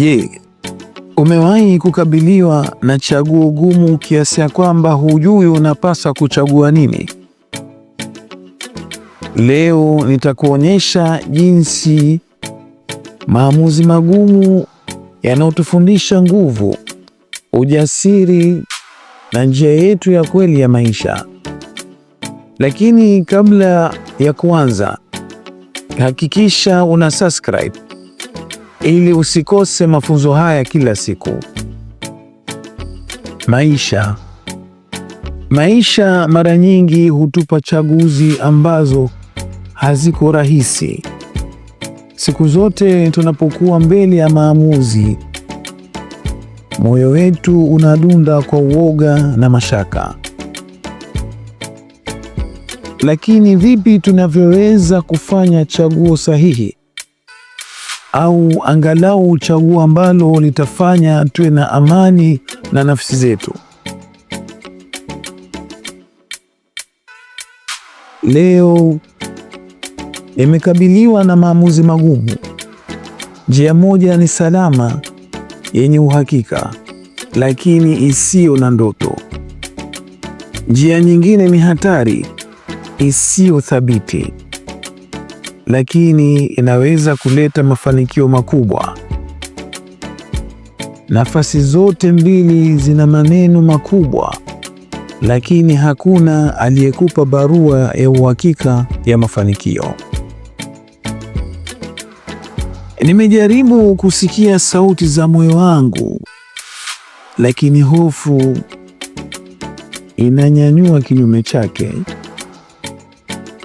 Je, umewahi kukabiliwa na chaguo gumu kiasi ya kwamba hujui unapaswa kuchagua nini? Leo nitakuonyesha jinsi maamuzi magumu yanayotufundisha nguvu, ujasiri na njia yetu ya kweli ya maisha. Lakini kabla ya kuanza, hakikisha una subscribe ili usikose mafunzo haya kila siku. Maisha maisha mara nyingi hutupa chaguzi ambazo haziko rahisi. Siku zote tunapokuwa mbele ya maamuzi, moyo wetu unadunda kwa uoga na mashaka. Lakini vipi tunavyoweza kufanya chaguo sahihi? au angalau chaguo ambalo litafanya tuwe na amani na nafsi zetu. Leo imekabiliwa na maamuzi magumu. Njia moja ni salama, yenye uhakika, lakini isiyo na ndoto. Njia nyingine ni hatari, isiyo thabiti, lakini inaweza kuleta mafanikio makubwa. Nafasi zote mbili zina maneno makubwa, lakini hakuna aliyekupa barua ya uhakika ya mafanikio. Nimejaribu kusikia sauti za moyo wangu, lakini hofu inanyanyua kinyume chake.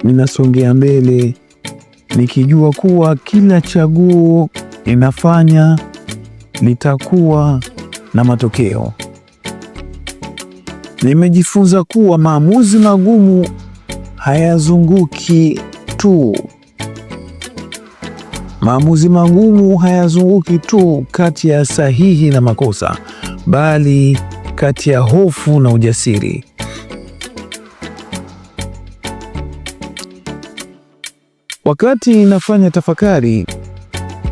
Ninasongea mbele nikijua kuwa kila chaguo inafanya litakuwa na matokeo. Nimejifunza kuwa maamuzi magumu hayazunguki tu maamuzi magumu hayazunguki tu kati ya sahihi na makosa, bali kati ya hofu na ujasiri. Wakati nafanya tafakari,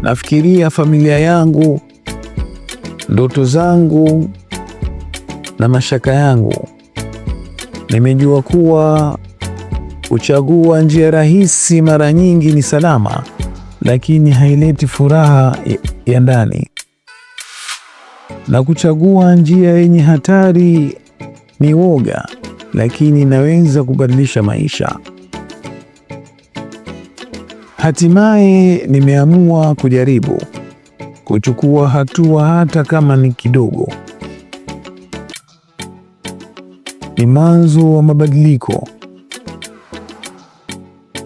nafikiria familia yangu, ndoto zangu na mashaka yangu. Nimejua kuwa kuchagua njia rahisi mara nyingi ni salama, lakini haileti furaha ya ndani, na kuchagua njia yenye hatari ni woga, lakini inaweza kubadilisha maisha. Hatimaye nimeamua kujaribu kuchukua hatua, hata kama ni kidogo. Ni mwanzo wa mabadiliko,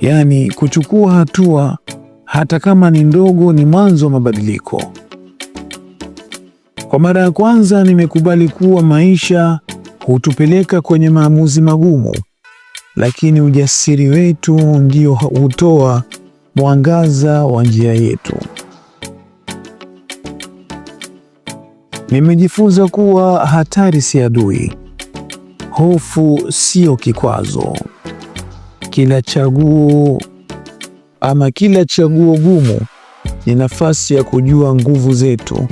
yaani kuchukua hatua hata kama ni ndogo ni mwanzo wa mabadiliko. Kwa mara ya kwanza nimekubali kuwa maisha hutupeleka kwenye maamuzi magumu, lakini ujasiri wetu ndio hutoa mwangaza wa njia yetu. Nimejifunza kuwa hatari si adui, hofu sio kikwazo. Kila chaguo ama kila chaguo gumu ni nafasi ya kujua nguvu zetu,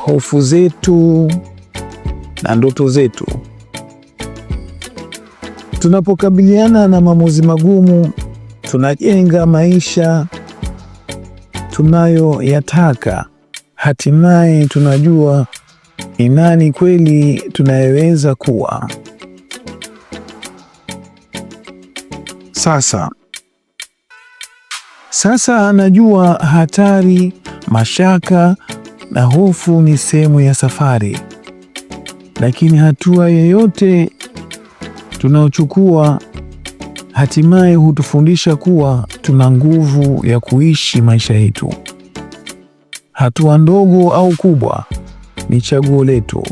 hofu zetu na ndoto zetu. Tunapokabiliana na maamuzi magumu tunajenga maisha tunayoyataka. Hatimaye tunajua ni nani kweli tunayeweza kuwa. Sasa sasa anajua hatari, mashaka na hofu ni sehemu ya safari, lakini hatua yoyote tunaochukua hatimaye hutufundisha kuwa tuna nguvu ya kuishi maisha yetu. Hatua ndogo au kubwa ni chaguo letu,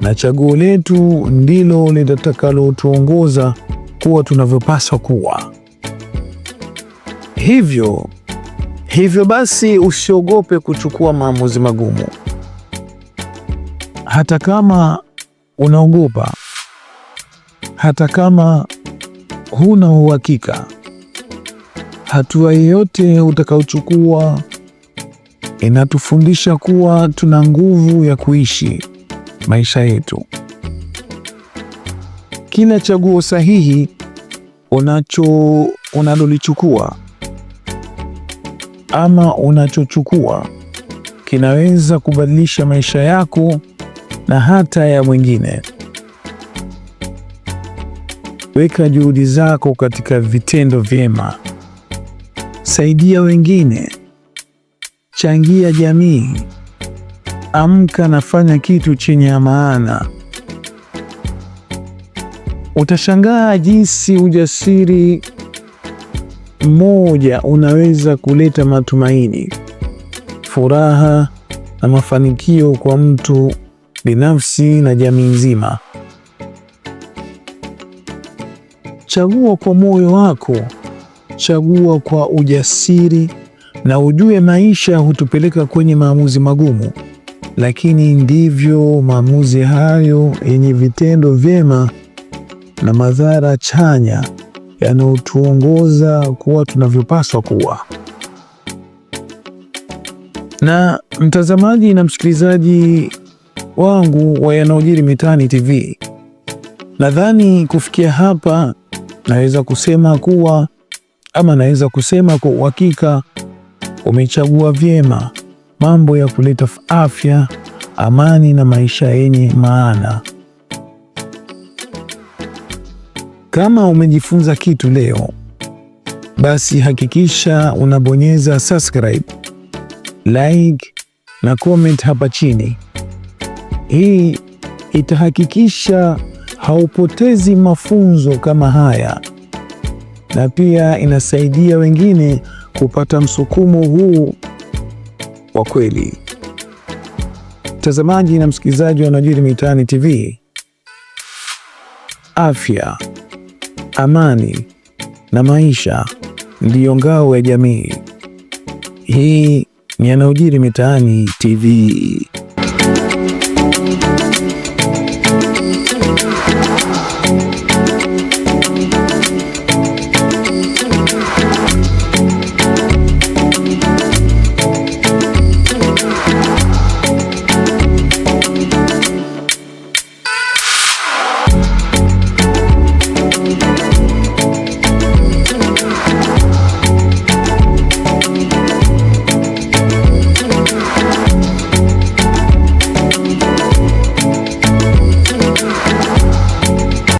na chaguo letu ndilo litakalotuongoza kuwa tunavyopaswa kuwa. Hivyo hivyo basi, usiogope kuchukua maamuzi magumu, hata kama unaogopa, hata kama huna uhakika. Hatua yoyote utakayochukua inatufundisha kuwa tuna nguvu ya kuishi maisha yetu. Kila chaguo sahihi unacho unalolichukua ama unachochukua kinaweza kubadilisha maisha yako na hata ya mwingine. Weka juhudi zako katika vitendo vyema. Saidia wengine, changia jamii. Amka na fanya kitu chenye maana. Utashangaa jinsi ujasiri mmoja unaweza kuleta matumaini, furaha na mafanikio kwa mtu binafsi na jamii nzima. Chagua kwa moyo wako, chagua kwa ujasiri, na ujue maisha hutupeleka kwenye maamuzi magumu, lakini ndivyo maamuzi hayo yenye vitendo vyema na madhara chanya yanayotuongoza kuwa tunavyopaswa kuwa. Na mtazamaji na msikilizaji wangu wa yanayojiri mitaani TV, nadhani kufikia hapa Naweza kusema kuwa ama naweza kusema kwa uhakika umechagua vyema mambo ya kuleta afya, amani na maisha yenye maana. Kama umejifunza kitu leo, basi hakikisha unabonyeza subscribe, like na comment hapa chini. Hii itahakikisha haupotezi mafunzo kama haya, na pia inasaidia wengine kupata msukumo huu wa kweli. Mtazamaji na msikilizaji wa Yanayojiri Mitaani TV, afya, amani na maisha ndiyo ngao ya jamii. Hii ni Yanayojiri Mitaani TV.